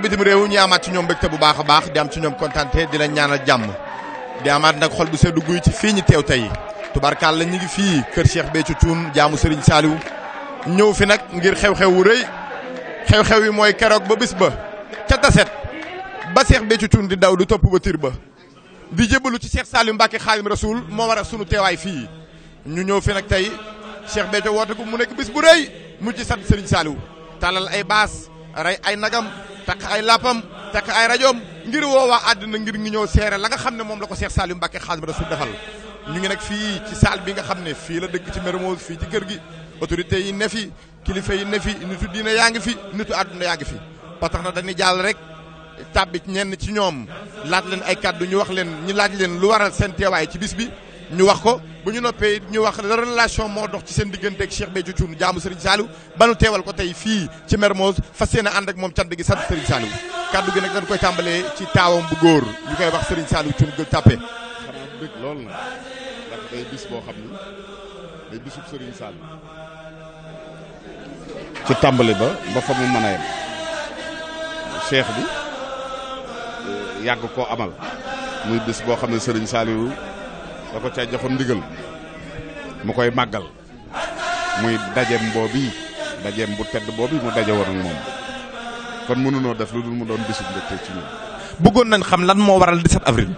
ak bitim réew ñu amaat ci ñoom mbégte bu baax a baax di am ci ñoom kontante di leen ñaanal jàmm di amaat nag xol bu seddu guy ci fii ñu teew tey tubarkaal la ñu ngi fii kër seex Béthio Thioune jaamu Serigne Saliou ñëw fi nag ngir xew-xew wu rëy xew-xew yi mooy keroog ba bis ba ca taset ba seex Béthio Thioune di daw du topp ba tir ba di jébbalu ci Cheikh Saliou Mbacke Xaadim Rasoul moo war sunu teewaay fii ñu ñëw fi nag tey Cheikh Béthio woote ko mu nekk bis bu rëy mu ci sant Serigne takk ay lappam takk ay rajoom ngir woowaa àdduna ngir ñu ñëw seere la nga xam ne moom la ko Cheikh Saliou Mbacké Khadimou Rassoul defal ñu ngi nag fii ci salle bi nga xam ne fii la dëkk ci Mermoz fii ci kër gi autorité yi ne fi kilifa yi ne fi nitu diine yaa ngi fi nitu àdduna yaa ngi fi ba tax na dañuy jàll rek tàbbi ñenn ci ñoom laaj leen ay kàddu ñu wax leen ñu laaj leen lu waral seen teewaay ci bis bi ñu wax ko bu ñu noppee ñu wax la relation moo dox ci seen diggante ak Cheikh Béthio Thioune jaamu Serigne Saliou ba nu teewal ko tey fii ci Mermoz fas yéene ànd ak moom cant gi sant Serigne Saliou kaddu gi nag dañ koy tàmbalee ci taawam bu góor ñu koy wax Serigne Saliou Thioune gël tàppe. loolu na ndax boo xam ni day bisub Serigne Saliou. ci tàmbali ba ba fa mu mën a yem Cheikh bi yàgg koo amal muy bis boo xam ne Serigne Saliou. da ko caa joxoon ndigal mu koy màggal muy dajeem boobu dajeem bu tedd boobu mu daje woon ak moom kon mënunoo def lu dul mu doon bisub mbégte ci ñun. bëggoon nañ xam lan moo waral 17 avril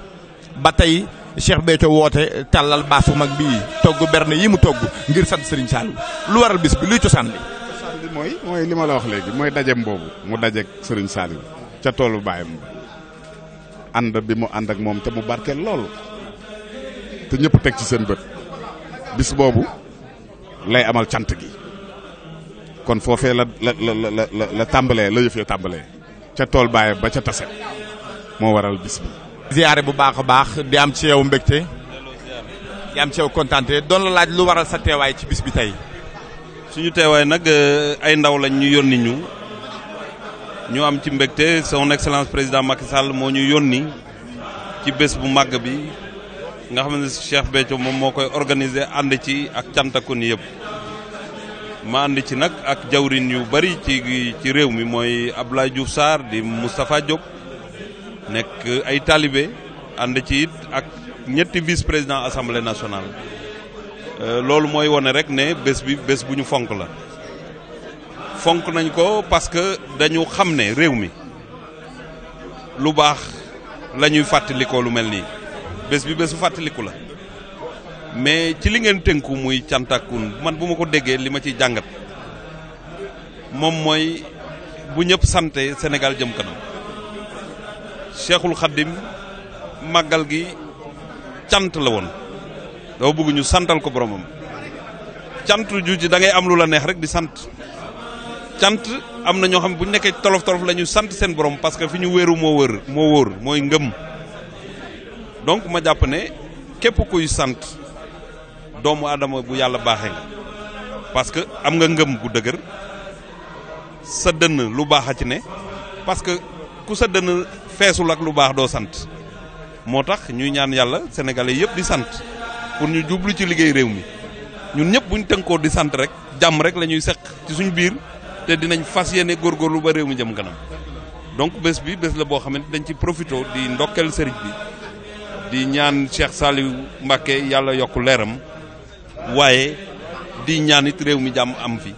ba tey Cheikh Béthio woote tàllal baasu mag bii togg berne yi mu togg ngir sant Serigne Saliou lu waral bis bi luy cosaan li. mooy mooy li ma la wax léegi mooy dajeem boobu mu dajeeg sëriñ Saliou ca toolu baayam ànd bi mu ànd ak moom te mu barkeel lool. te ñëpp teg ci seen bët bis boobu lay amal cant gi kon foofee la la la la la tàmbalee la yëf tàmbalee ca tool baay ba ca tase moo waral bis bi. bu baax a baax di am ci yow mbégte di am ci yow doon la laaj lu waral sa teewaay ci bis bi tey. suñu teewaay nag eh, ay ndaw lañ ñu yónni ñu ñu am ci mbégte son excellence président Macky Sall moo ñu yónni ci bés bu màgg bi. nga xam ne Cheikh Béthio moom moo koy organiser ànd ci ak cantakun yëpp ma ànd ci nag ak jawrin yu bari ci ci réew mi mooy Abdoulaye Diouf Sarr di Moustapha Diop nekk ay talibé ànd ci it ak ñetti vice président assemblée nationale euh, loolu mooy wone rek ne bés bi bés bu ñu fonk la fonk nañ ko parce que dañu xam ne réew mi lu baax lañuy ñuy lu mel nii bés bi bésu fàttaliku la mais ci li ngeen tënku muy cantakun man bu ma ko déggee li ma ciy jàngat moom mooy bu ñëpp sante senegal jëm kanam Cheikhul Khadim màggal gi cant la woon dama bëgguñu santal ko boromam cant ju ci da ngay am lu la neex rek di sant cant am na ñoo xam bu ñu nekkee tolof tolof la ñu sant seen borom parce que fi ñu wéeru moo wër moo wóor mooy ngëm donc ma jàpp ne képp kuy sant doomu aadama bu yàlla baaxee nga parce que am nga ngëm gu dëgër sa dënn lu baax a ci ne parce que ku sa dënn feesul ak lu baax doo sant moo tax ñuy ñaan yàlla sénégalais yëpp di sant pour ñu jublu ci liggéey réew mi ñun ñëpp buñ tënkoo di sant rek jàmm rek la ñuy seq ci suñu biir te dinañ fas yéene góorgóorlu ba réew mi jëm nga kanam donc bés bi bés la boo xamante dañ ci profité di ndokkel sëriñ bi di ñaan Cheikh Saliou Mbacké yàlla yokk leeram waaye di ñaan it réew mi jàmm am fi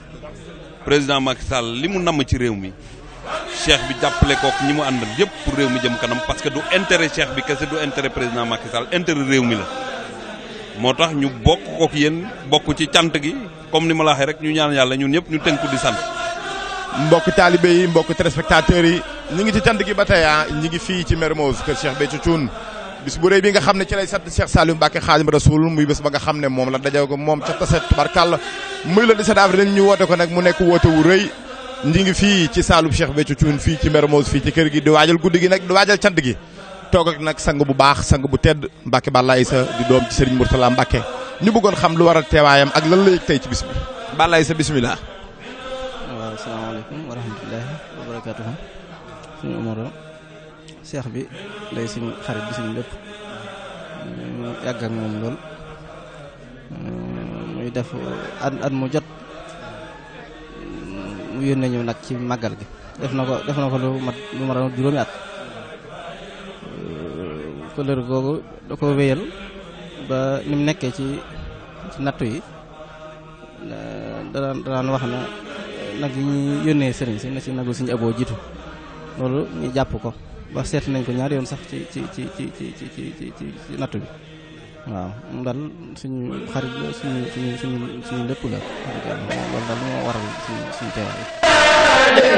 président Macky Sall li mu namm ci réew mi cheikh bi jàppale kook ñi mu àndal yëpp pour réew mi jëm kanam parce que du intérêt cheikh bi kese du intérêt président Macky Sall intérêt réew mi la moo tax ñu bokk kook yéen bokk ci cant gi comme ni ma la waxee rek ñu ñaan yàlla ñun ñëpp ñu tënku di sant. mbokk taalibe yi mbokk téléspectateurs yi ñu ngi ci cant gi ba ah, ñu ngi fii ci Mermoz kër bis bu rëy bi nga xam ne ci lay sant Cheikh Saliou Mbacke Xaadim muy bés ba nga xam ne moom la daje ko moom ca tase tubarkàlla muy le 17 avril ñu woote ko nag mu nekk woote wu rëy ñi ngi fii ci Saalum Cheikh Béthio Thioune fii ci Mermoz fii ci kër gi di waajal guddi gi nag di waajal cant gi toog ak nag sang bu baax sang bu tedd Mbacke Balla sa di doom ci Serigne Mourtala Mbacke ñu buggoon xam lu waral teewaayam ak lan la yëg tey ci bis bi Balla Issa seex bi lay suñu xarit bi suñu lépp mu yàgg ak moom lool muy def at at mu jot mu yónnee ñu nag ci màggal gi def na ko def na ko lu mat lu ma juróomi at couleur nekkee ci ci yi daan daan wax na nag yi ñuy yónnee sëriñ si na si nagu suñu aboo jiitu loolu ñu jàpp ko ba seet nañ ko ñaari yoon sax ci ci ci ci ci ci ci ci bi waaw moom suñu xarit la suñu suñu suñu suñu lépp la moo waral suñu suñu teewaay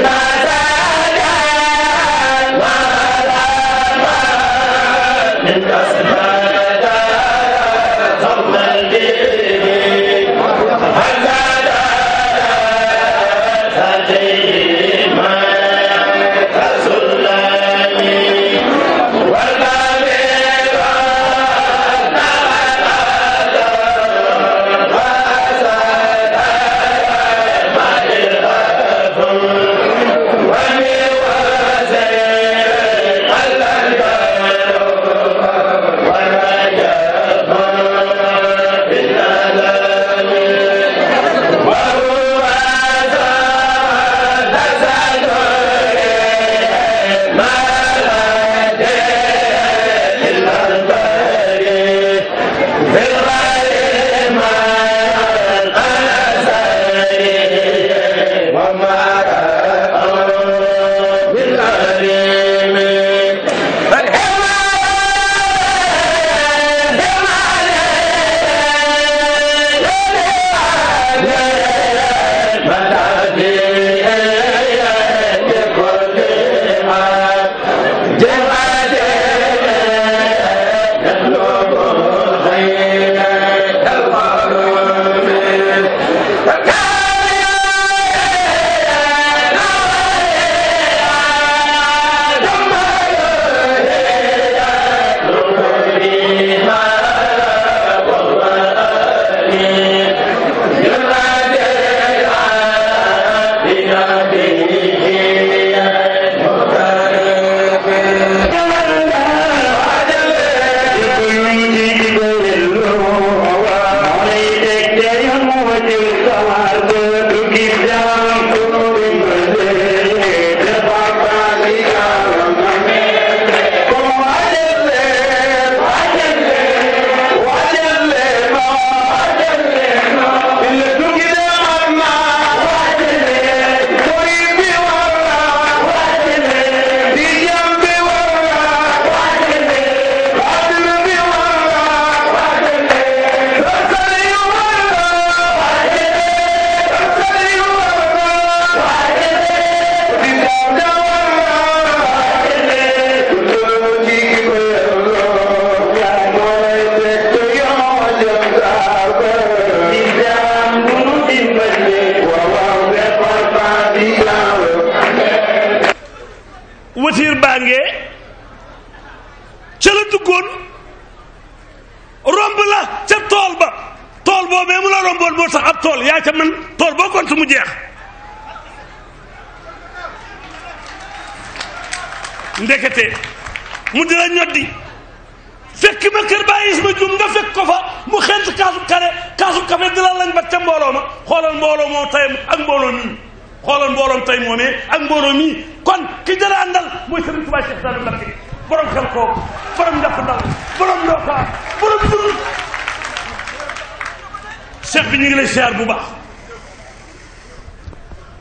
cheikh bi ñu ngi lay siyaar bu baax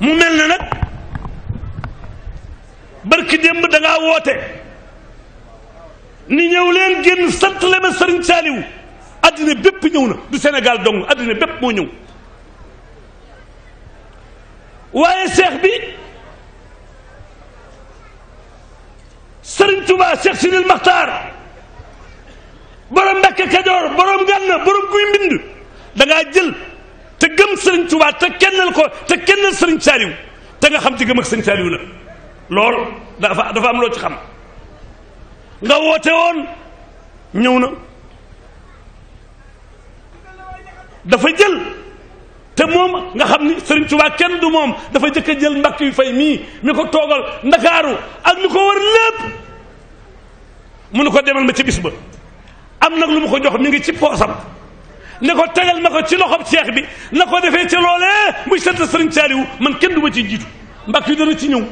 mu mel ne nag barki démb da woote ni ñëw leen génn sant le ma sëriñ Saaliw addina bépp ñëw na du Sénégal dong addina bépp moo ñëw waaye seex bi sëriñ Tuubaa cheikh Sidil Maxtaar borom Mbàkke Kajoor borom Gànna borom guy mbind da jël te gëm Serigne Touba te kennal ko te kennal Serigne Saliou te nga xam ci gëm ak Serigne Saliou lool dafa dafa am loo ci xam nga woote woon ñëw na dafa jël te moom nga xam ni Serigne Touba kenn du moom dafa jëkk jël mbakk yu fay mii mi ko toogal ndakaaru ak lu ko war lépp mu nu ko demal ma ci bis ba am nag lu mu ko jox mi ngi ci poosam ne ko tegal ma ko ci loxob cheikh bi na ko defee ci loolee muy sant sëriñ Saaliw man kenn du ma ci jiitu mbàkk yu dana ci ñëw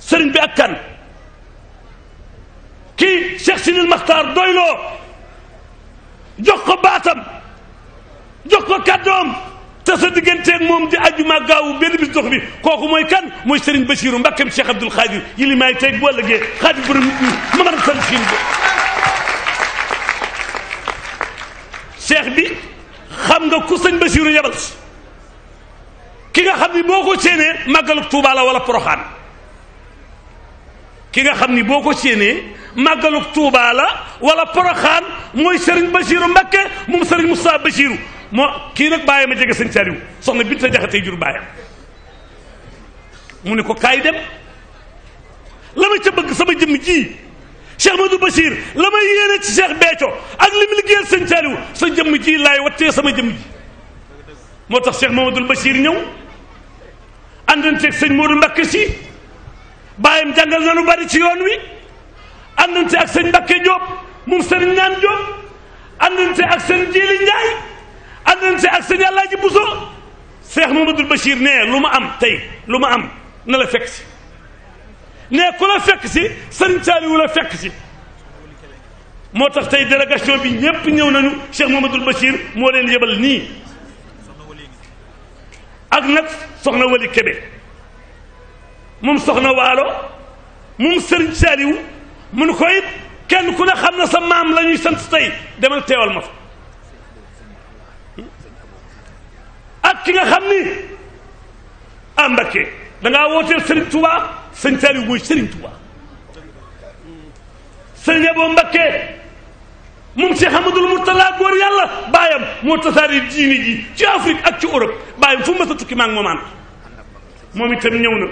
sëriñ bi ak kan kii cheikh sinil maxtaar doyloo jox ko baatam jox ko kàddoom te sa digganteeg moom di ajuma gaawu benn bis dox bi kooku mooy kan mooy sëriñ Basiiru mbàkkam cheikh abdul xaadir yi li maay teeg bu ëllëgee xaadir borom nit ñi ma mën a sëriñ seex bi xam nga ku sëñ Basiiru yebal ki nga xam ni boo ko séenee màggalu Tuuba la wala Poroxaan ki nga xam ni boo ko séenee màggalu Tuuba la wala Poroxaan mooy Serigne Basiiru Mbakke moom Serigne Moussa Basiiru moo kii nag bàyyi ma jege sëñ Saliou soxna Binta Jaxate jur bàyyam mu ne ko kaay dem la ma ca bëgg sama jëmm ji Cheikh Madou Bachir la may yéene ci Cheikh Béthio ak li mu liggéeyal sëñ sa jëmm ji laay wattee sama jëm ji moo tax Cheikh Mamadou Bachir ñëw àndanteeg sëñ Modou Mbakke si bàyyam jàngal na lu bari ci yoon wi àndante ak sëñ Mbakke Diop moom sëriñ naan Diop àndante ak sëñ Jili Njaay àndante ak sëñ Alaaji Buso Cheikh Mamadou Bachir nee lu ma am tey lu ma am na la fekk ne ku la fekk si sëriñ Saaliwu la fekk si moo tax tey délégation bi ñépp ñëw nañu Cheikh Mouhamadoul Bachir moo leen yebal nii ak nag soxna Wali Kébé moom soxna waalo moom sëriñ Saaliwu mun ko it kenn ku ne xam na sa maam la ñuy sant tey demal teewal ma fa ak ki nga xam ni ah Mbakke dangaa wooteel sëriñ Touba. sëñ Saliou mooy Serigne Touba sëñ Abo Mbakke moom Cheikh Amadou Mourtala góor yàlla baayam moo tasaare diini ji ci Afrique ak ci Europe bàyyam fu mu mës a tukki maa ngi moom ànd moom itam ñëw na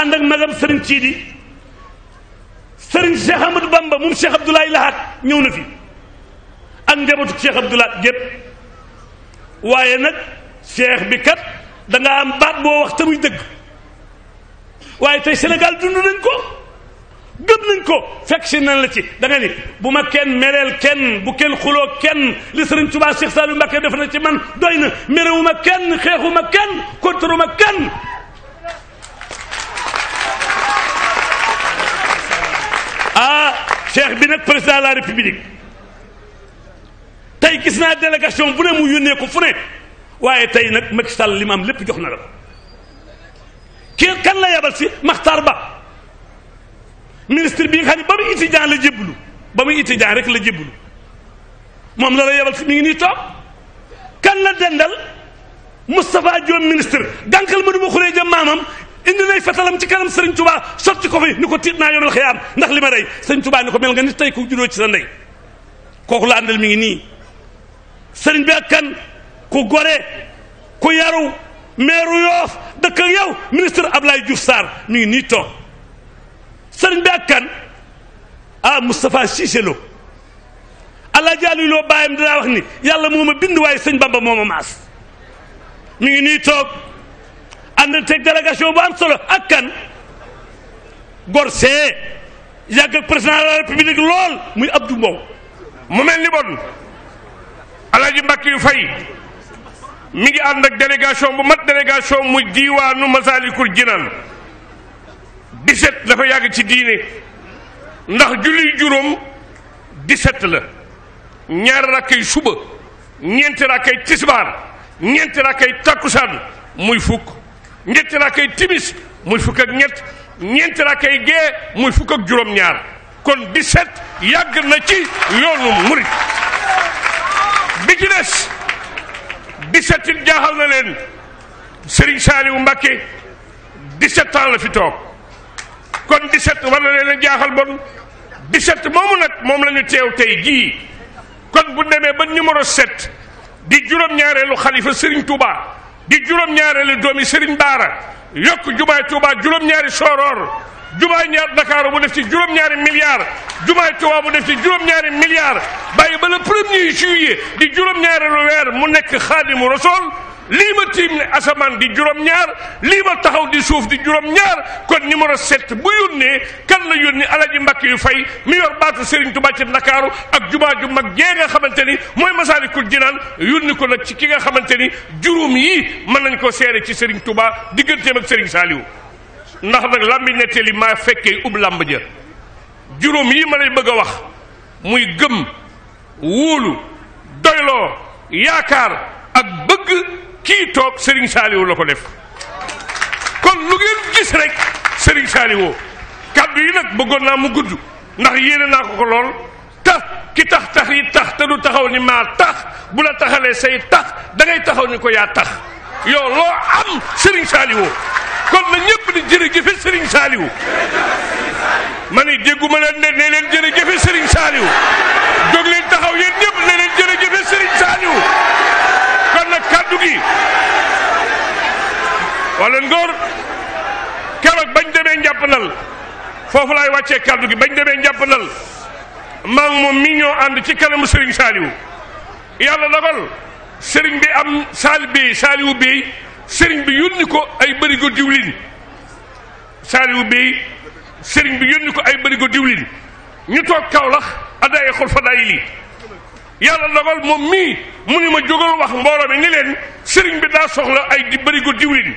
ànd ak magam Serigne Sidi Serigne Cheikh Amadou Bamba moom Cheikh Abdoulaye Lahat ñëw na fi ak njabootu Cheikh Abdoulaye gépp waaye nag Cheikh bi kat am baat boo wax te muy dëgg. waaye tey Sénégal dund nañ ko gëm ko fekk si nañ la ci da bu ma kenn mereel kenn bu kenn xuloo kenn li sëriñ Tuubaa Cheikh Saliou Mbacké def na ci man doy na wu ma kenn xeexu ma kenn kontaru ma kenn ah cheikh bi nag président la république tey gis naa délégation bu ne mu yónnee ko fu ne waaye tey nag Macky Sall li ma am lépp jox na la kii kan la yebal si Makhtar Ba ministre bi nga xam ne ba muy étudiant la jébbalu ba muy étudiant rek la jébbalu moom la la yebal si mi ngi nii toog kan la dendal Moustapha Diop ministre gànkal ma du ma xuree jëm maamam indi nay fetalam ci kanam Serigne Touba sotti ko fi ni ko tiit naa yoonal xiyaam ndax li ma rey Serigne Touba ni ko mel nga ni tey ku juddoo ci sa ndey kooku la àndal mi ngi nii Serigne bi ak kan ku gore ku yaru meeru yoof dëkk ak yow ministre Ablaye Diouf Sarr mi ngi nii toog sëriñ bi ak kan ah Moustapha Cissé Lo allah jaalu loo bàyyam dinaa wax ni yàlla moo ma bind waaye sëñ Bamba moo ma maas mi ngi nii toog àndanteeg délégation bu am solo ak kan Gorcé yàgg président de la république lool muy Abdou Mbow mu mel ni bon Alaaji Mbàkke yu fay mi ngi ànd ak délégation bu mat délégation mu diiwaanu Masaalikul Jinaan 17 dafa yàgg ci diine ndax julli juróom 17 la ñaar ñaari rakkay suba ñeenti rakkay tisbaar ñeenti rakkay takkusaan muy fukk ñeenti rakkay timis muy fukk ak ñett ñeenti rakkay gee muy fukk ak juróom-ñaar kon 17 yàgg na ci yoonu murit bi 17 it jaaxal na leen Serigne Saliou Mbacké 17 ans la fi toog kon 17 war na leen a jaaxal bon 17 moomu nag moom la ñu teew tey jii kon bu demee ba numéro 7 di juróom-ñaareelu xarifa Serigne Touba di juróom-ñaareelu doomi Serigne Baara yokk jubaay Touba juróom-ñaari sooroor. jumaay ñaar Dakar mu def ci juróom-ñaari milliards jumaay Tuubaa mu def ci juróom-ñaari milliards bàyyi ba le premier juillet di juróom-ñaari weer mu nekk xaadimu rasool lii ma tiim ne asamaan di juróom-ñaar lii ma taxaw di suuf di juróom-ñaar kon numéro set bu yónnee kan la yónni alaji Mbàkke yu fay mi yor baatu Serigne Touba ci Ndakaaru ak jumaa ju mag jee nga xamante ni mooy Masaalikul Jinaan yónni ko nag ci ki nga xamante ni juróom yi mën nañ ko seere ci Serigne Touba digganteem ak Serigne Saliou ndax nag làmbi nettali maa fekkee ub làmb ja juróom yi ma lay bëgg a wax muy gëm wóolu doyloo yaakaar ak bëgg kii toog Serigne Saliou la ko def kon lu ngeen gis rek Serigne Saliou kàddu yi nag bëggoon naa mu gudd ndax yéene naa ko ko lool tax ki tax tax yi tax te du taxaw ni maa tax bu la taxalee say tax dangay ngay taxaw ni ko yaa tax yow loo am Serigne Saliou kon na ñëpp di jërëjëfe Serigne Saliou ma ni dégguma leen ne nee leen jërëjëfe Serigne Saliou jóg leen taxaw yéen ñëpp ne leen jërëjëfe Serigne Saliou kon nag kàddu gi wala ngóor keroog bañ demee njàppandal foofu lay wàccee kàddu gi bañ demee njàppandal maa ngi moom mi ñoo ànd ci kanamu Serigne Saliou yàlla dogal Serigne bi am Saliou bi Saliou bi sëriñ bi yónni ko ay bërigo diwlin saaliwu bey sëriñ bi yónni ko ay bërigo diwlin ñu toog kawlax addaye xol fa dayi lii yàlla dogal moom mii mu ni ma jógal wax mbooloo mi ni leen sëriñ bi daa soxla ay di bërigo diwlin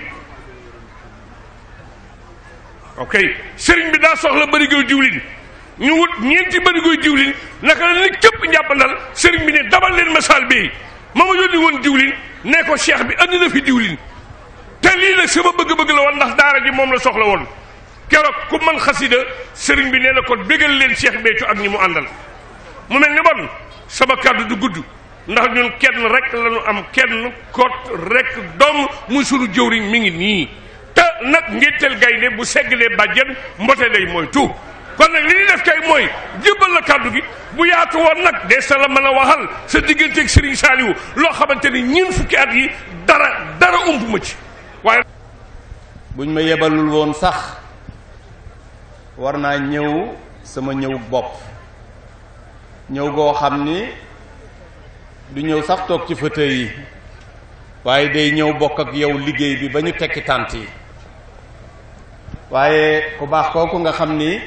ok sëriñ bi daa soxla bërigo diwlin ñu wut ñeenti bërigoy diwlin naka la ni képp njàppandal sëriñ bi ne dabal leen ma saal bi ma ma yónni woon diwlin ne ko cheikh bi andi na fi diwlin te lii la sama bëgg-bëgg la woon ndax daara ji moom la soxla woon keroog ku mën xasida sëriñ bi nee na kon bégal leen seex Béthio ak ñi mu àndal mu mel ni bon sama kàddu du gudd ndax ñun kenn rek la am kenn kot rek doom muy sunu jëwriñ mi ngi nii te nag ngétteel gaynde bu seggalee bàjjen mbote dey mooy tu kon nag li ñuy def kay mooy jébbal na kàddu gi bu yaatu woon nag des sa la mën a waxal sa digganteeg sëriñ Saaliwu loo xamante ni ñun fukki at yi dara dara ci waaye buñ ma yebalul woon sax war naa ñëw sama ñëw bopp ñëw goo xam ni du ñëw sax toog ci fauteuil yi waaye day ñëw bokk ak yow liggéey bi ba ñu tekki tànt yi waaye ku baax kooku nga xam ni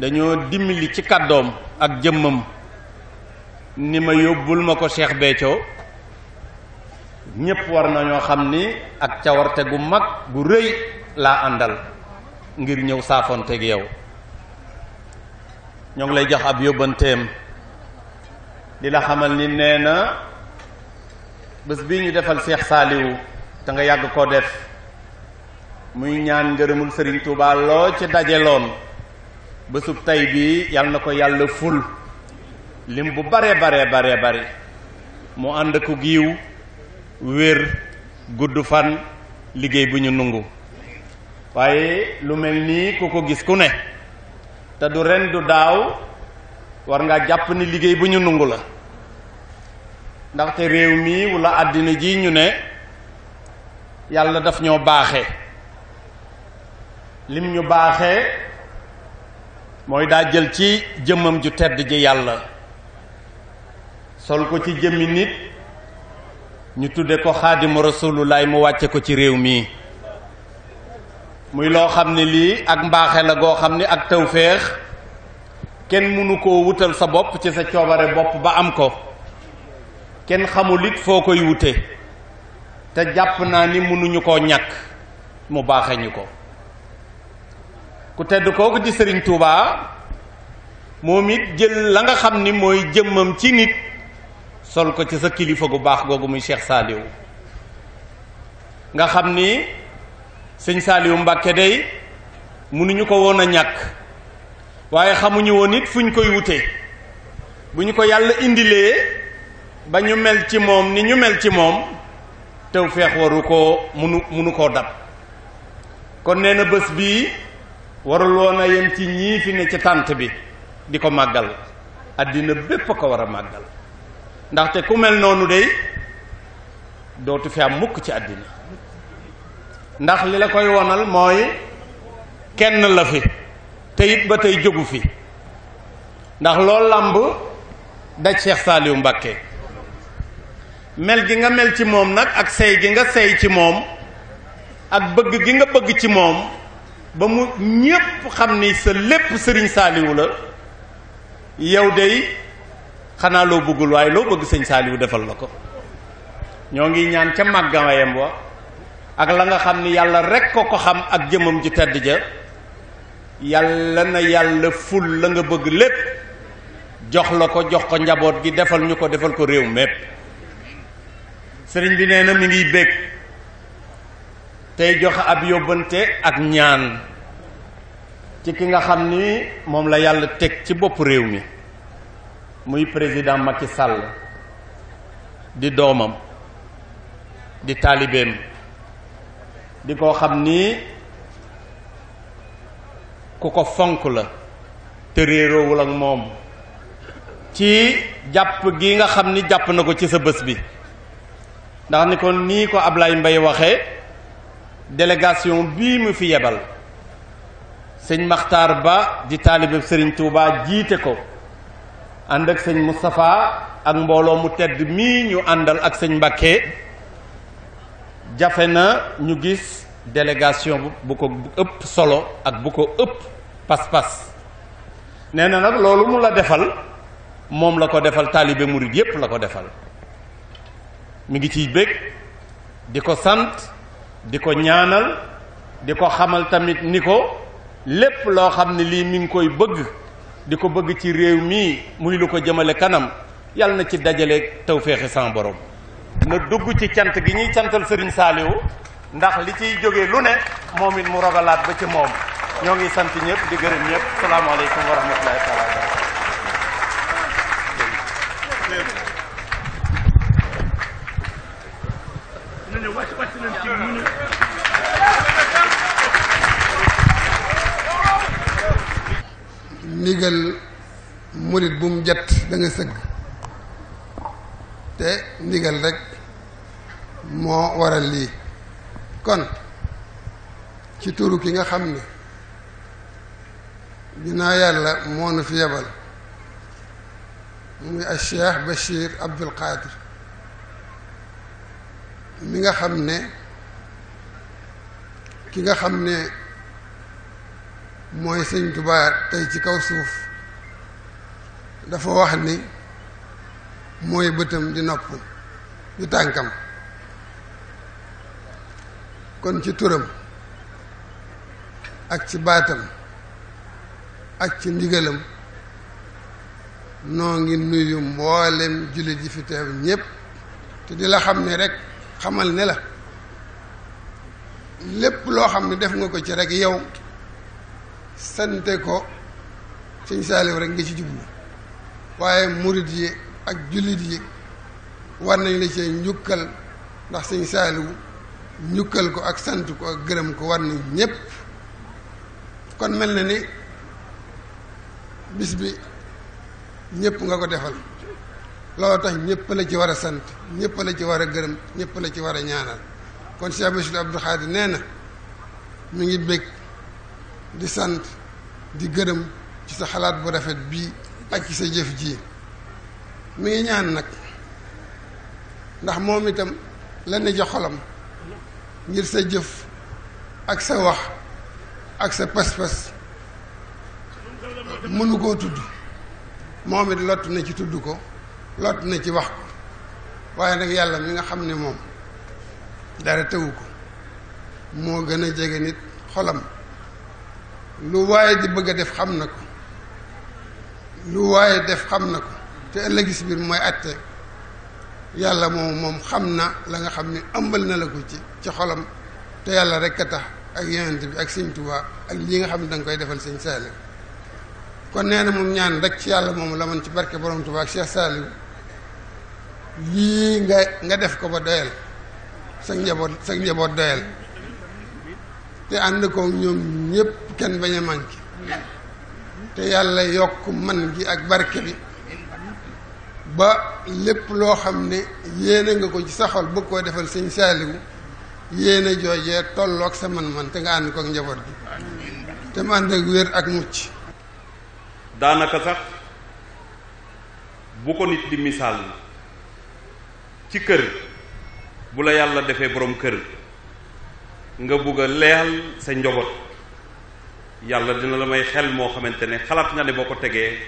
dañoo dimbali ci kàddoom ak jëmmam ni ma yóbbul ma ko Cheikh Béthio ñépp war nañoo xam ni ak cawarte gu mag gu rëy laa àndal ngir ñëw saafonteeg yow ñoo ngi lay jox ab yóbbanteem di la xamal ni nee na bés bii ñu defal Seex Saaliwu te nga yàgg koo def muy ñaan ngërëmul Sëriñ Tuubaa ci dajeloon bésu tey bii yal na ko yàlla ful lim bu bare bare bare bare mu ànd ku giiw wér gudd fan liggéey bu ñu nungu waaye lu mel nii ku ko gis ku ne te du ren du daaw war ngaa jàpp ni liggéey bu ñu nungu la ndaxte réew mii wala àddina ji ñu ne yàlla daf ñoo baaxe lim ñu baaxe mooy daa jël ci jëmmam ju tedd ji yàlla sol ko ci jëmmi nit ñu tudde ko xaadimu rasulullaay mu wàcce ko ci réew mii muy loo xam ne lii ak mbaaxe la goo xam ne ak tawféex kenn mënu koo wutal sa bopp ci sa coobare bopp ba am ko kenn xamul it foo koy wute te jàpp naa ni mënuñu koo ñàkk mu baaxe ko ku tedd kooku ci Sëriñ Tuubaa moom it jël la nga xam ni mooy jëmmam ci nit sol ko ci sa kilifa gu baax googu muy Cheikh Saliou nga xam ni sëñ Saliou Mbàkke day mënuñu ko woon a ñàkk waaye xamuñu woon it fuñ koy wute bu ñu ko yàlla indilee ba ñu mel ci moom ni ñu mel ci moom tew feex waru koo munu munu koo dab kon nee na bés bii warul woon a yem ci ñii fi ne ci tànt bi di ko màggal àddina bépp ko war a màggal ndaxte ku mel noonu day dootu fi am mukk ci àddina ndax li la koy wonal mooy kenn la fi te it ba tey jógu fi ndax lool làmb daj Cheikh Saliou Mbacké mel gi nga mel ci moom nag ak sey gi nga sey ci moom ak bëgg gi nga bëgg ci moom ba mu ñépp xam ni sa lépp sëriñ saaliwu la yow day xanaa loo bëggul waaye loo bëgg sëñ Saaliwu defal la ko ñoo ngi ñaan ca màggawayam wa ak la nga xam ni yàlla rekk ko ko xam ak jëmam ju tedd ja yàlla na yàlla ful la nga bëgg lépp jox la ko jox ko njaboot gi defal ñu ko defal ko réew mépp sëriñ bi nee na mi ngiy bég tey joxe ab yóbbante ak ñaan ci ki nga xam ni moom la yàlla teg ci bopp réew mi muy président Macky Sall di doomam di taalibeem di koo xam ni ku ko fonk la te réeroowul ak moom ci jàpp gi nga xam ni jàpp na ko ci sa bës bi ndax ni ko nii ko Ablaye Mbaye waxe délégation bii mu fi yebal sëñ Maxtaar Ba di taalibeem Sëriñ Tuubaa jiite ko ànd ak sëñ mustafa ak mbooloo mu tedd mii ñu àndal ak sëñ Mbacke jafe na ñu gis délégation bu ko ëpp solo ak bu ko ëpp pas-pas nee na nag loolu mu la defal moom la ko defal taalibe murid yépp la ko defal mu ngi ciy bég di ko sant di ko ñaanal di ko xamal tamit ni ko lépp loo xam ne lii mi ngi koy bëgg di ko bëgg ci réew mii muy lu ko jëmale kanam yàlla na ci dajale tawféexi sama borom na dugg ci cant gi ñuy cantal Serigne Saliou ndax li ciy jógee lu ne moom it mu rogalaat ba ci moom ñoo ngi sant ñëpp di gërëm ñëpp salaamaaleykum wa rahmatullahi taala ndigal murit bu mu jot da nga sëgg te ndigal rek moo waral lii kon ci turu ki nga xam ne ginnaaw yàlla moo nu fi yebal muy a Cheikh Bachir Abdoul Qadir nga xam ne ki nga xam ne mooy sëñ Tuubaa tey ci kaw suuf dafa wax ni mooy bëtam di nopp di tànkam kon ci turam ak ci baatam ak ci ndigalam noo ngi nuyu mboolem jullit yi fi teew ñépp te di la xam ne rekk xamal ne la lépp loo xam ne def nga ko ci rek yow sante ko sëñ Saaliw rek nga ci jublu waaye murit yi ak jullit yi war nañ la ci njukkal ndax sëñ Saaliw njukkal ko ak sant ko ak gërëm ko war nañ ñépp kon mel na ni bis bi ñépp nga ko defal loo tax ñépp la ci war a sant ñépp la ci war a gërëm ñépp la ci war a ñaanal kon Cheikh Bachir Abdou Khadre nee na mu ngi bég di sant di gërëm ci sa xalaat bu rafet bii ak ci sa jëf jii mu ngi ñaan nag ndax moom itam la ne ja xolam ngir sa jëf ak sa wax ak sa pas-pas mënu koo tudd moom it lott na ci tudd ko lott na ci wax ko waaye nag yàlla mi nga xam ne moom dara tëwu ko moo gën a jege nit xolam lu waaye di bëgg a def xam na ko lu waaye def xam na ko te ëllëg si biir mooy atte yàlla moom moom xam na la nga xam ne ëmbal na la ko ci ci xolam te yàlla rek a tax ak yonent bi ak sëñ Tuubaa ak lii nga xam ne danga koy defal sëñ Saaliw kon nee na moom ñaan rek ci yàlla moom la man ci barke borom Tuubaa ak Cheikh Saaliw lii nga nga def ko ba doyal sa njaboot sa njaboot doyal te ànd ko ñoom ñëpp kenn bañ a manqué te yàlla yokk man gi ak barke bi ba lépp loo xam ne yéene nga ko ci sa xol bëgg koo defal sëñ saaliwu yéene joojee tolloog sa man-man te nga ànd ko ak njaboot bi te mu ànd ak wér ak mucc daanaka sax bu ko nit di misaal ci kër bu la yàlla defee borom kër nga bugg a leyal sa njaboot yàlla dina la may xel moo xamante ne xalaat nga ne boo ko tegee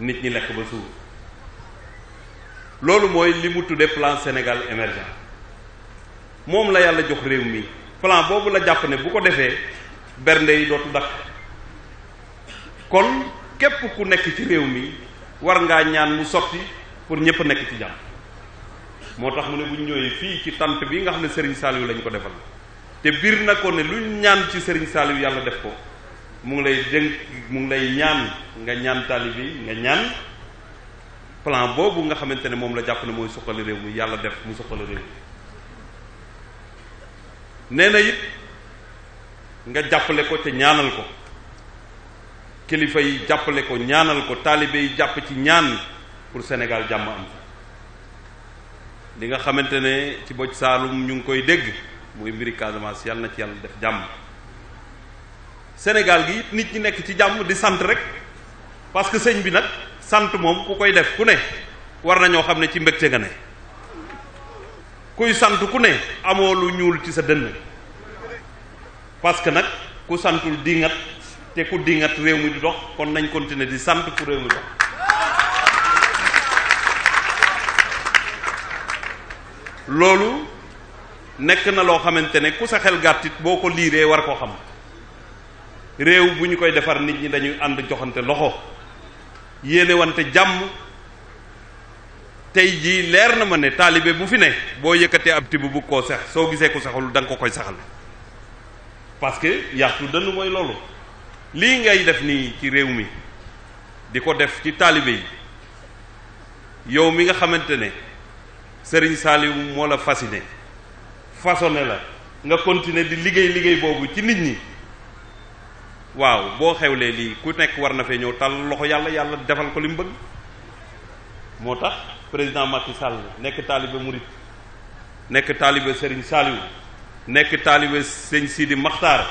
nit ñi lekk ba suur loolu mooy li mu tuddee plan Sénégal émergent moom la yàlla jox réew mi plan boobu la jàpp ne bu ko defee bernde yi dootu dakk kon képp ku nekk ci réew mi war ngaa ñaan mu sotti pour ñépp nekk ci jàpp moo tax mu ne bu ñu ñëwee fii ci tant bi nga xam ne Serigne Saliou lañ ko defal te biir na ko ne luñ ñaan ci Serigne Saliou yàlla def ko mu ngi lay dénk mu ngi lay ñaan nga ñaan taalibe yi nga ñaan plan boobu nga xamante ne moom la jàpp ne mooy suqali réew mu yàlla def mu suqali réew nee na nga jàppale ko te ñaanal ko kilifa yi jàppale ko ñaanal ko taalibe jàpp ci ñaan pour Sénégal jàmm am li nga xamante ne ci boj saalum ñu ngi koy dégg muy mbiri Casamance yàlla na ci yàlla def jàmm Sénégal gi nit ñi nekk ci jàmm di sant rek parce que sëñ bi nag sant moom ku koy def ku ne war na ñoo xam ne ci mbégte nga ne kuy sant ku ne amoo lu ñuul ci sa dënn parce que nag ku santul dingat te ku dingat réew mi di dox kon nañ continuer di sant ku réew mi dox loolu nekk na loo xamante ne ku sa xel gàttit boo ko liiree war koo xam réew bu ñu koy defar nit ñi dañuy ànd joxante loxo yéene wante jàmm tey jii leer na ma ne taalibe bu fi ne boo yëkkatee ab tibb bu koo sax soo gisee ko saxul da nga ko koy saxal parce que yàqu dënn mooy loolu lii ngay def nii ci réew mi di ko def ci taalibe yi yow mi nga xamante ne Serigne Saliou moo la fasciné façonné la nga continuer di liggéey liggéey boobu ci nit ñi waaw boo xewlee lii ku nekk war na fee ñëw tàll loxo yàlla yàlla defal ko li mu bëgg moo tax président Macky Sall nekk taalibe Murit nekk taalibe Serigne Saliou nekk taalibe Sëñ di Maxtaar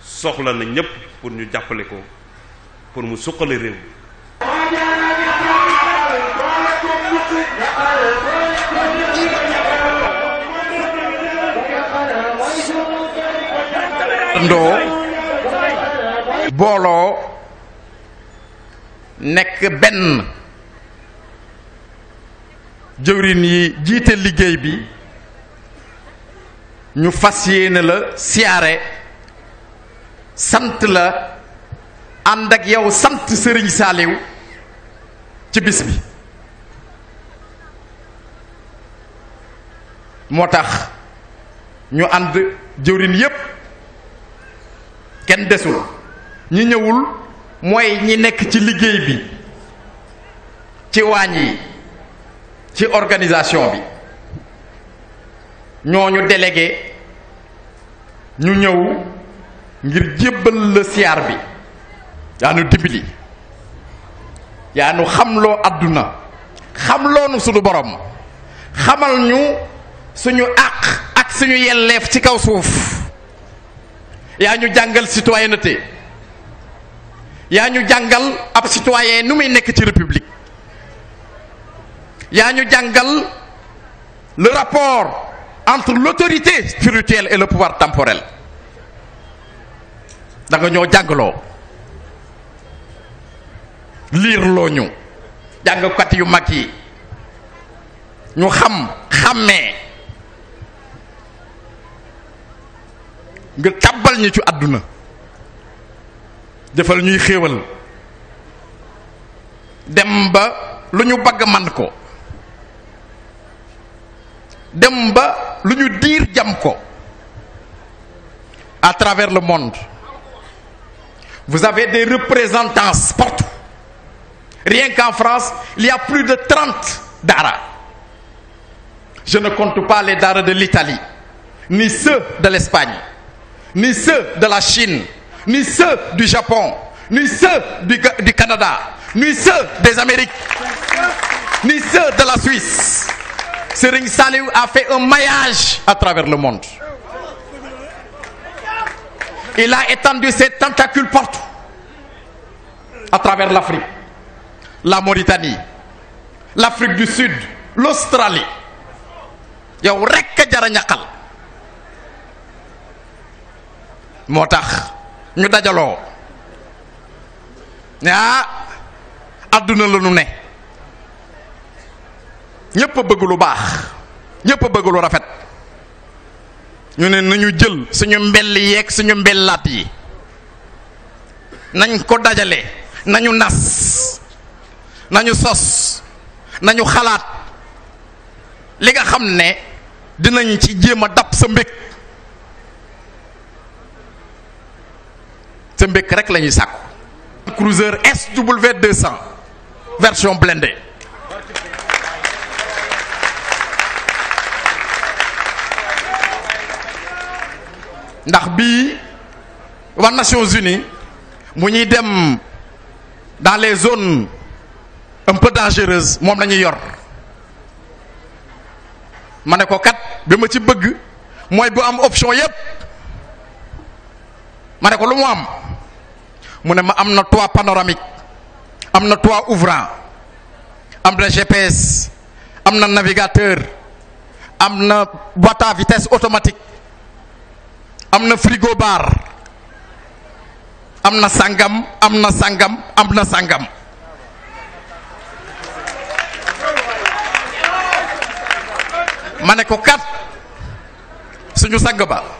soxla na ñépp pour ñu jàppale ko pour mu suqali réew àndandoo booloo nekk benn jëwrin yi jiite liggéey bi ñu fas yéene la siyaare sant la ànd ak yow sant sëriñ saaliw ci bis bi moo tax ñu ànd jëwrin yépp kenn desul ñi ñëwul mooy ñi nekk ci liggéey bi ci waañ yi ci organisation bi ñu délégué ñu ñëw ngir jébbal la siyaar bi yaa nu dimbali yaa nu xamloo àdduna xamloo nu sunu borom xamal ñu suñu àq ak suñu yelleef ci kaw suuf yaa ñu jàngal citoyenneté yaa ñu jàngal ab citoyen nu muy nekk ci république yaa ñu jàngal le rapport entre l'autorité spirituelle et le pouvoir temporel da nga ñoo jàngaloo liir loo ñu yu mag yi ñu xam xàmmee nga tàbbal ñu ci àdduna defal ñuy xéewal dem ba lu ñu bagg man ko dem ba lu ñu diir jam ko à travers le monde vous avez des représentants partout rien qu'en France il y a plus de trente daara je ne compte pas les daara de l'Italie ni ceux de l'Espagne ni ceux de la Chine, ni ceux du Japon, ni ceux du, Canada, ni ceux des Amériques, ni ceux de la Suisse. Serigne Saliou a fait un maillage à travers le monde. Il a étendu ses tentacules partout, à travers l'Afrique, la Mauritanie, l'Afrique du Sud, l'Australie. yow rekk a jara moo tax ñu dajaloo ne àdduna ah, la ñu ne ñépp a bëgg lu baax ñépp a bëgg lu rafet ñu ne nañu jël suñu mbel yeeg suñu mbellaat yi nañ ko dajale nañu nas nañu sos nañu xalaat li nga xam ne dinañ ci jéem a dab sa mbég te mbékk rek la ñuy sàkku cruiser SW 200 version blindée ndax bii war Nations Unies mu ñuy dem dans les zones un peu dangereuses moom la yor ma ne ko kat bi ma ci bëgg mooy bu am option yépp ma ne ko lu mu am mu ne ma am na trois panoramique am na trois ouvrant am na GPS am na navigateur am na boîte à vitesse automatique am na frigo bar am na sangam am na sangam am na sangam ma ne ko kat suñu sang ba.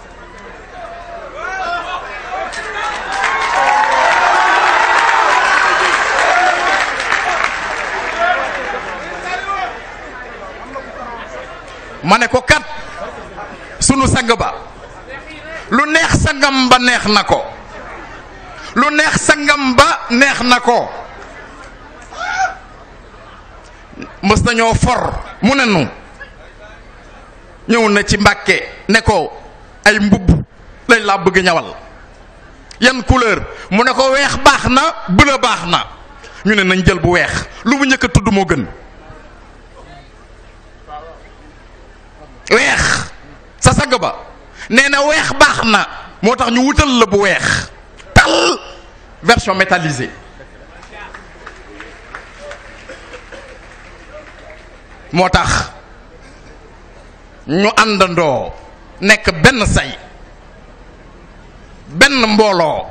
ma ne ko kat sunu sang ba lu neex sangam ba neex na ko lu neex sangam ba neex na ko mës nañoo for mu ne nu ñëw na ci mbàkke ne ko ay mbubb lañ laa bëgg ñawal yan couleur mu ne ko weex baax na bleu baax na ñu ne nañ jël bu weex lu mu njëkk a tudd moo gën weex sa sag ba nee na weex baax na moo tax ñu wutal la bu weex tal version métallisée moo tax ñu àndandoo nekk benn say benn mbooloo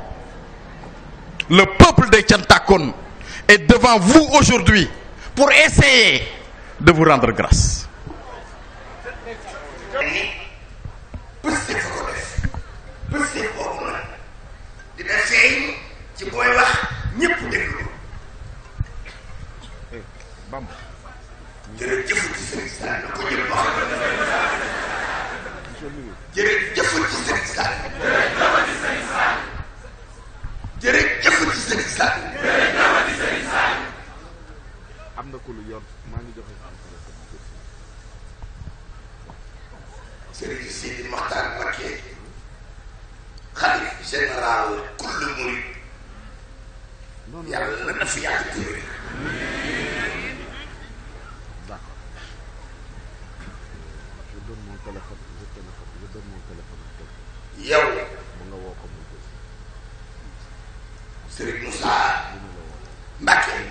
le peuple des Tiantacones est devant vous aujourd'hui pour essayer de vous rendre grâce nit pëste fa ko def pëste boobu nag dina feeñ ci booy wax ñépp déglu bam jërëjëf ci sëriñ Sall ko jël wax jërëjëf ci sëriñ Sall jërëjëf ci sëriñ Sall jërëjëf ci sëriñ Sall sëriñ Sidi Mokhtar Mbacké xalif général kull murid yàlla na fi yàgg te wér yow Serigne Moussa Mbacké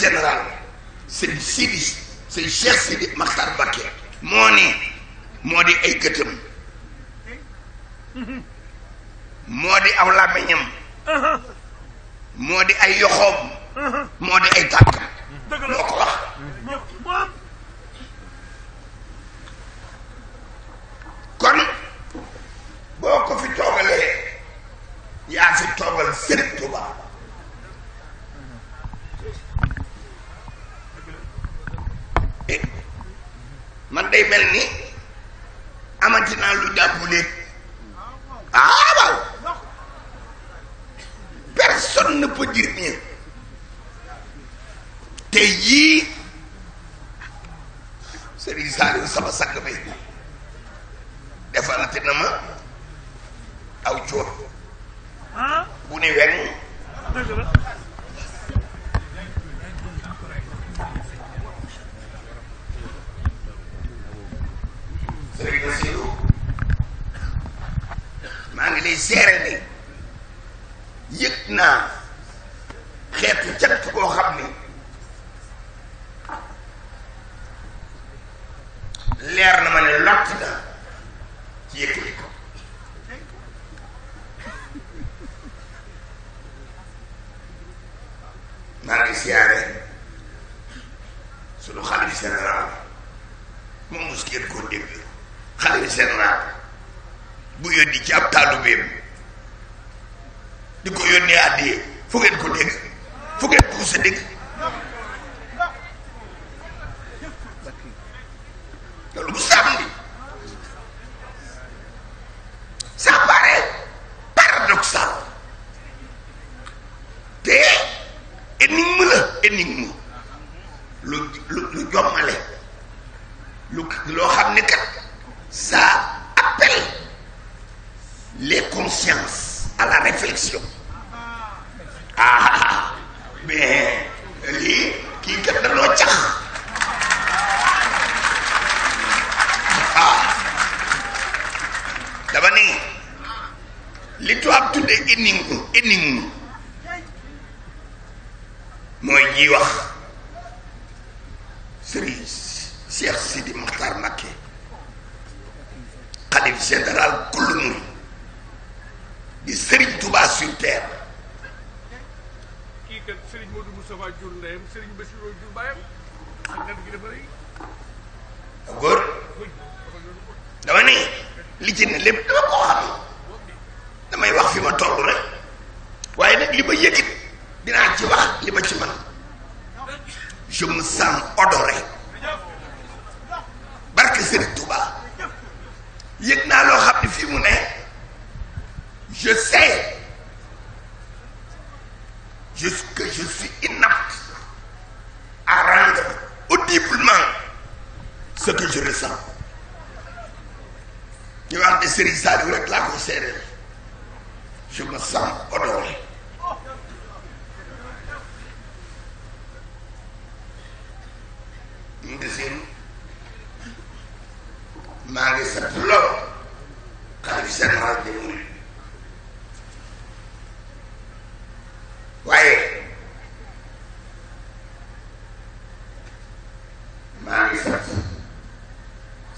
général sëñ Sidi sëñ Cheikh Sidi Maxtar Ah bah Personne ne peut dire te yii Serigne Saliou sama sakk bi Cheikh Sidi Mokhtar Mbacké xalif général kullu murid di Serigne Touba sur terre. kii dama ne li ci lépp dama koo xam damay wax fi ma toll rek waaye nag li ma yëgit dinaa ci wax li ma ci man je me sens barke Serigne Touba yëg naa loo xam ne fii mu ne je sais juste je suis inapte à audiblement ce que je ressens ñu wax de Serigne Saliou rek je me sens honoré ñu ngi maa ngi sant lool xalifa général bi mu waaye maa ngi sant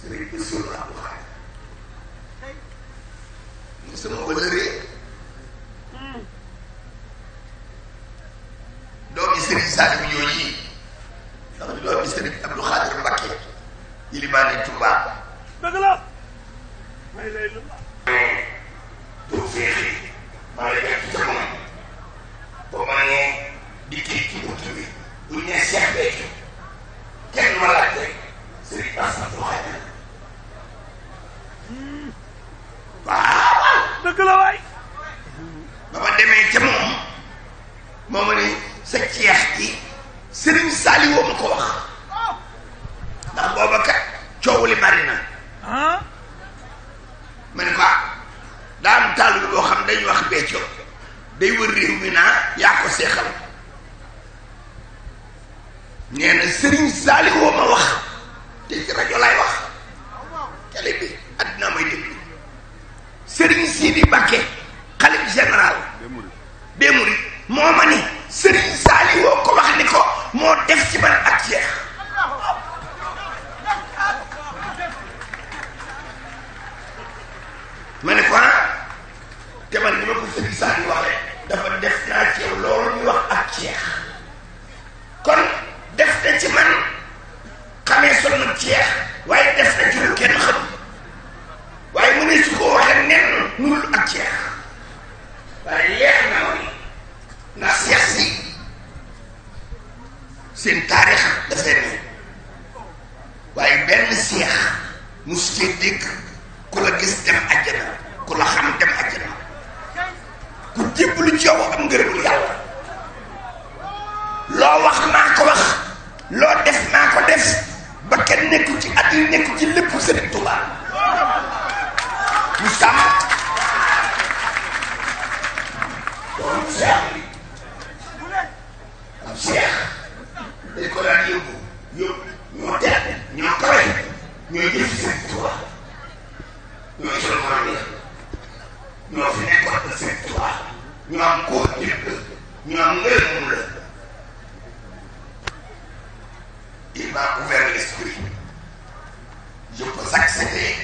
sëriñ bi suul Abdou Khadre mu sama wëlëree doomi sëriñ Saaliw yooyu yi ndax doomi sëriñ Abdou Khadre Mbacké yilimaani Tuubaa dëgg la may lay lu demee ca moom moo ma ne sa ceex gi Serigne Saliou ma ko wax m'a ouvert l'esprit. Je peux accéder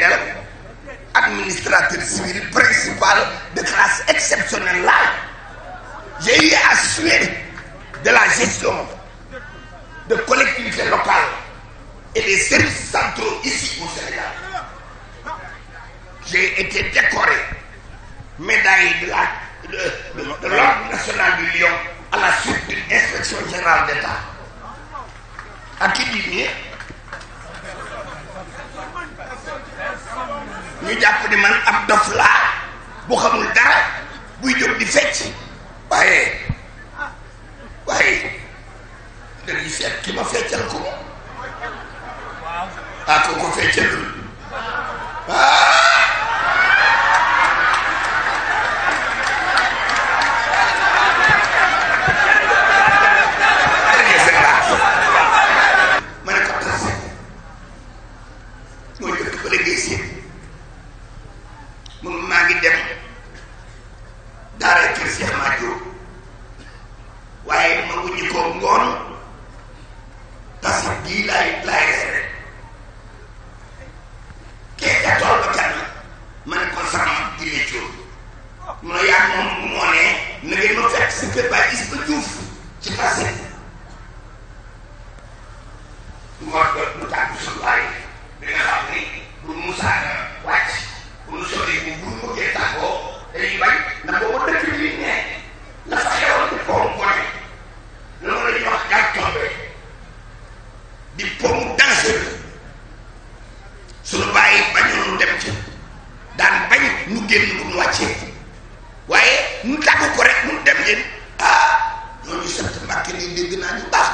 supérieur administrateur civil principal de classe exceptionnelle là j'ai eu à de la gestion de collectivités locales et des services centraux ici au Sénégal j'ai été décoré médaille de l'ordre national du Lion à la suite d'une inspection générale d'État à qui dit ñu jàpp ni man ab dof laa bu xamul dara buy jóg di fecc waaye waaye dañuy seet ki ma feccal ko waaw ko feccal ah Bakri dégg naa ñu baax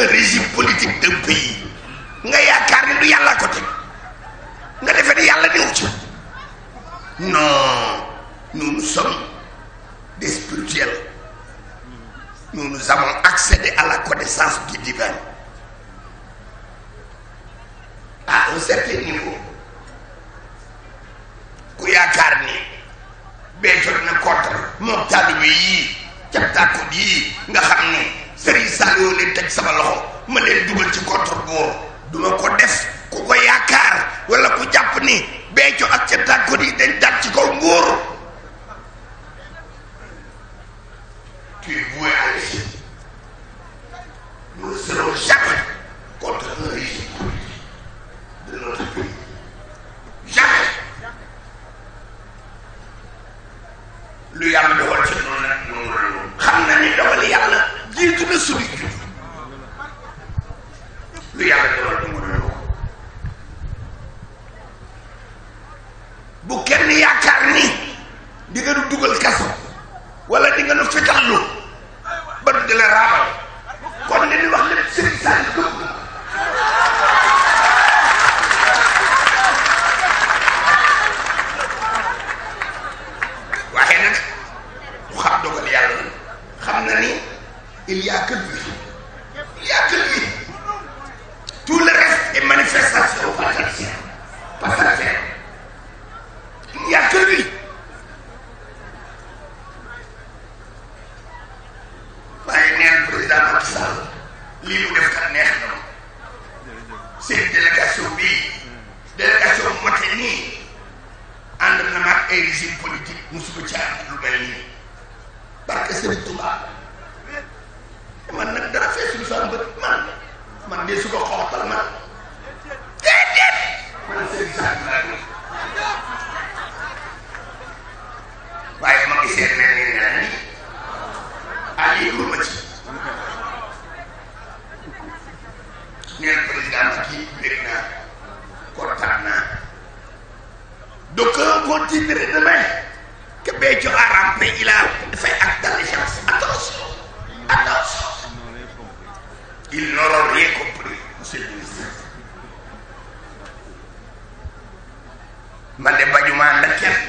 un régime politique d'un pays nga yaakaar ni du yàlla ko teg nga defee ni yàlla néew ci non nous nous sommes des spirituels nous nous à la connaissance du divin ay régime politique musuñu ci am lu mel nii barke Sëriñ Tuubaa man nag dara feesul sa mbët man man de su ko xootal man continuer demain que Béthio a rampé il a fait acte d'allégeance attention attention ils n'auront rien compris man de bañu maa la